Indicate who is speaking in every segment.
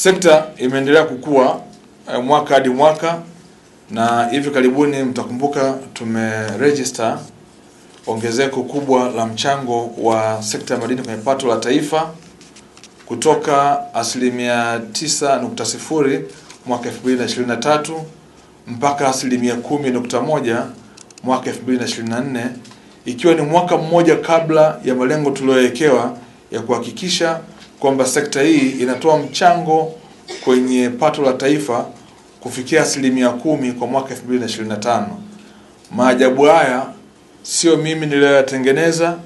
Speaker 1: Sekta imeendelea kukua eh, mwaka hadi mwaka na hivi karibuni mtakumbuka tumeregister ongezeko kubwa la mchango wa sekta ya madini kwenye pato la taifa kutoka asilimia 9.0 mwaka 2023 mpaka asilimia 10.1 mwaka 2024, ikiwa ni mwaka mmoja kabla ya malengo tuliyowekewa ya kuhakikisha kwamba sekta hii inatoa mchango kwenye pato la taifa kufikia asilimia kumi kwa mwaka 2025. Maajabu haya sio mimi niliyoyatengeneza,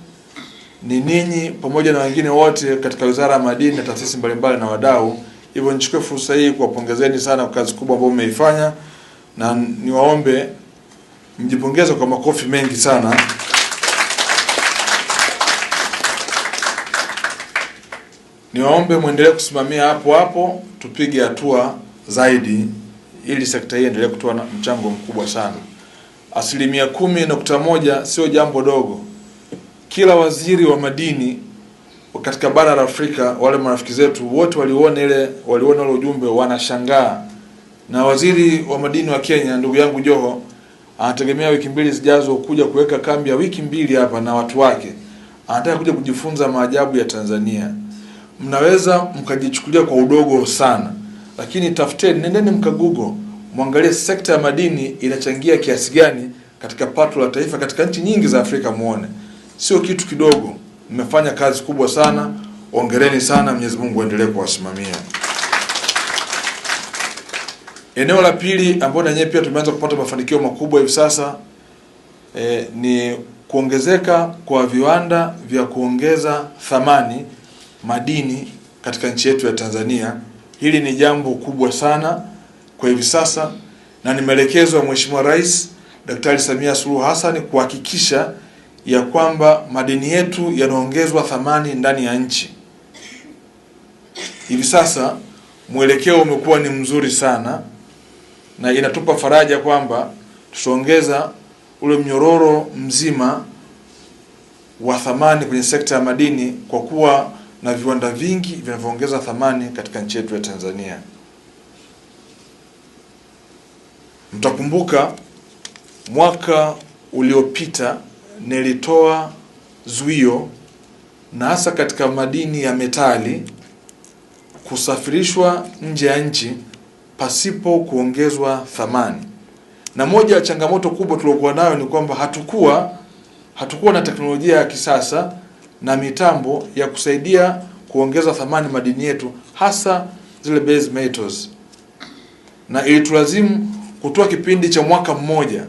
Speaker 1: ni ninyi pamoja na wengine wote katika Wizara ya Madini na taasisi mbalimbali na wadau. Hivyo nichukue fursa hii kuwapongezeni sana kwa kazi kubwa ambayo mmeifanya, na niwaombe mjipongeze kwa makofi mengi sana. niwaombe mwendelee kusimamia hapo hapo, tupige hatua zaidi ili sekta hii endelee kutoa mchango mkubwa sana. Asilimia kumi nukta moja sio jambo dogo. Kila waziri wa madini katika bara la Afrika, wale marafiki zetu wote waliona ile waliona ujumbe, wanashangaa. Na waziri wa madini wa Kenya ndugu yangu Joho anategemea wiki mbili zijazo kuja kuweka kambi ya wiki mbili hapa na watu wake, anataka kuja kujifunza maajabu ya Tanzania mnaweza mkajichukulia kwa udogo sana, lakini tafuteni, nendeni Google, mwangalie sekta ya madini inachangia kiasi gani katika pato la taifa katika nchi nyingi za Afrika, muone sio kitu kidogo. Mmefanya kazi kubwa sana, ongereni sana. Mwenyezi Mungu aendelee kuwasimamia. Eneo la pili na nyewe pia tumeanza kupata mafanikio makubwa hivi sasa eh, ni kuongezeka kwa viwanda vya kuongeza thamani madini katika nchi yetu ya Tanzania. Hili ni jambo kubwa sana kwa hivi sasa, na ni maelekezo ya Mheshimiwa Rais Daktari Samia Suluhu Hassan kuhakikisha ya kwamba madini yetu yanaongezwa thamani ndani ya nchi. Hivi sasa mwelekeo umekuwa ni mzuri sana, na inatupa faraja kwamba tutaongeza ule mnyororo mzima wa thamani kwenye sekta ya madini kwa kuwa na viwanda vingi vinavyoongeza thamani katika nchi yetu ya Tanzania. Mtakumbuka mwaka uliopita nilitoa zuio na hasa katika madini ya metali kusafirishwa nje ya nchi pasipo kuongezwa thamani, na moja ya changamoto kubwa tuliokuwa nayo ni kwamba hatukuwa hatukuwa na teknolojia ya kisasa na mitambo ya kusaidia kuongeza thamani madini yetu hasa zile base metals, na ilitulazimu kutoa kipindi cha mwaka mmoja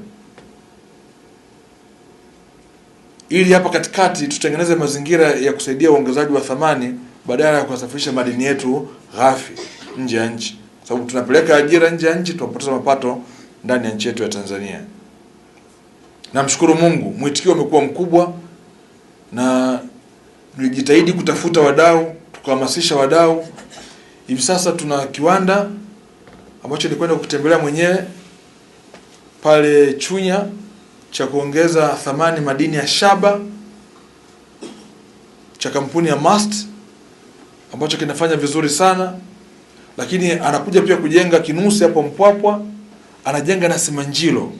Speaker 1: ili hapa katikati tutengeneze mazingira ya kusaidia uongezaji wa thamani badala ya kusafirisha madini yetu ghafi nje ya nchi, sababu tunapeleka ajira nje ya nchi, tunapoteza mapato ndani ya nchi yetu ya Tanzania. Namshukuru Mungu, mwitikio umekuwa mkubwa na tulijitahidi kutafuta wadau, tukahamasisha wadau. Hivi sasa tuna kiwanda ambacho nilikwenda kukitembelea mwenyewe pale Chunya cha kuongeza thamani madini ya shaba cha kampuni ya MAST ambacho kinafanya vizuri sana, lakini anakuja pia kujenga Kinusi hapo Mpwapwa, anajenga na Simanjiro.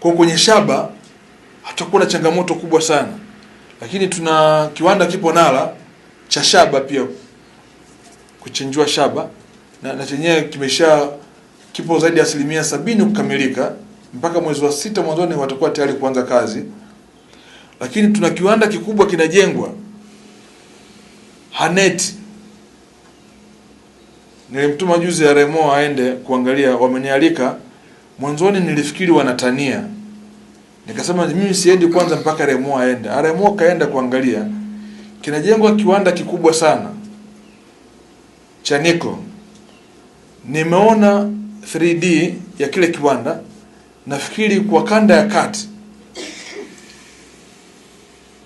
Speaker 1: Kwa kwenye shaba hatakuwa na changamoto kubwa sana. Lakini tuna kiwanda kipo Nala cha shaba pia kuchenjua shaba na, na chenyewe kimesha kipo zaidi ya asilimia sabini kukamilika mpaka mwezi wa sita mwanzoni watakuwa tayari kuanza kazi. Lakini tuna kiwanda kikubwa kinajengwa Hanet. Nilimtuma juzi ya Remo aende kuangalia, wamenialika. Mwanzoni nilifikiri wanatania Nikasema mimi siendi kwanza mpaka Remo aende. Ah, Remo kaenda kuangalia. Kinajengwa kiwanda kikubwa sana cha Nico. Nimeona 3D ya kile kiwanda, nafikiri kwa kanda ya kati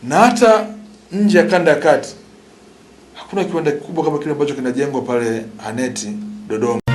Speaker 1: na hata nje ya kanda ya kati hakuna kiwanda kikubwa kama kile ambacho kinajengwa pale Haneti Dodoma.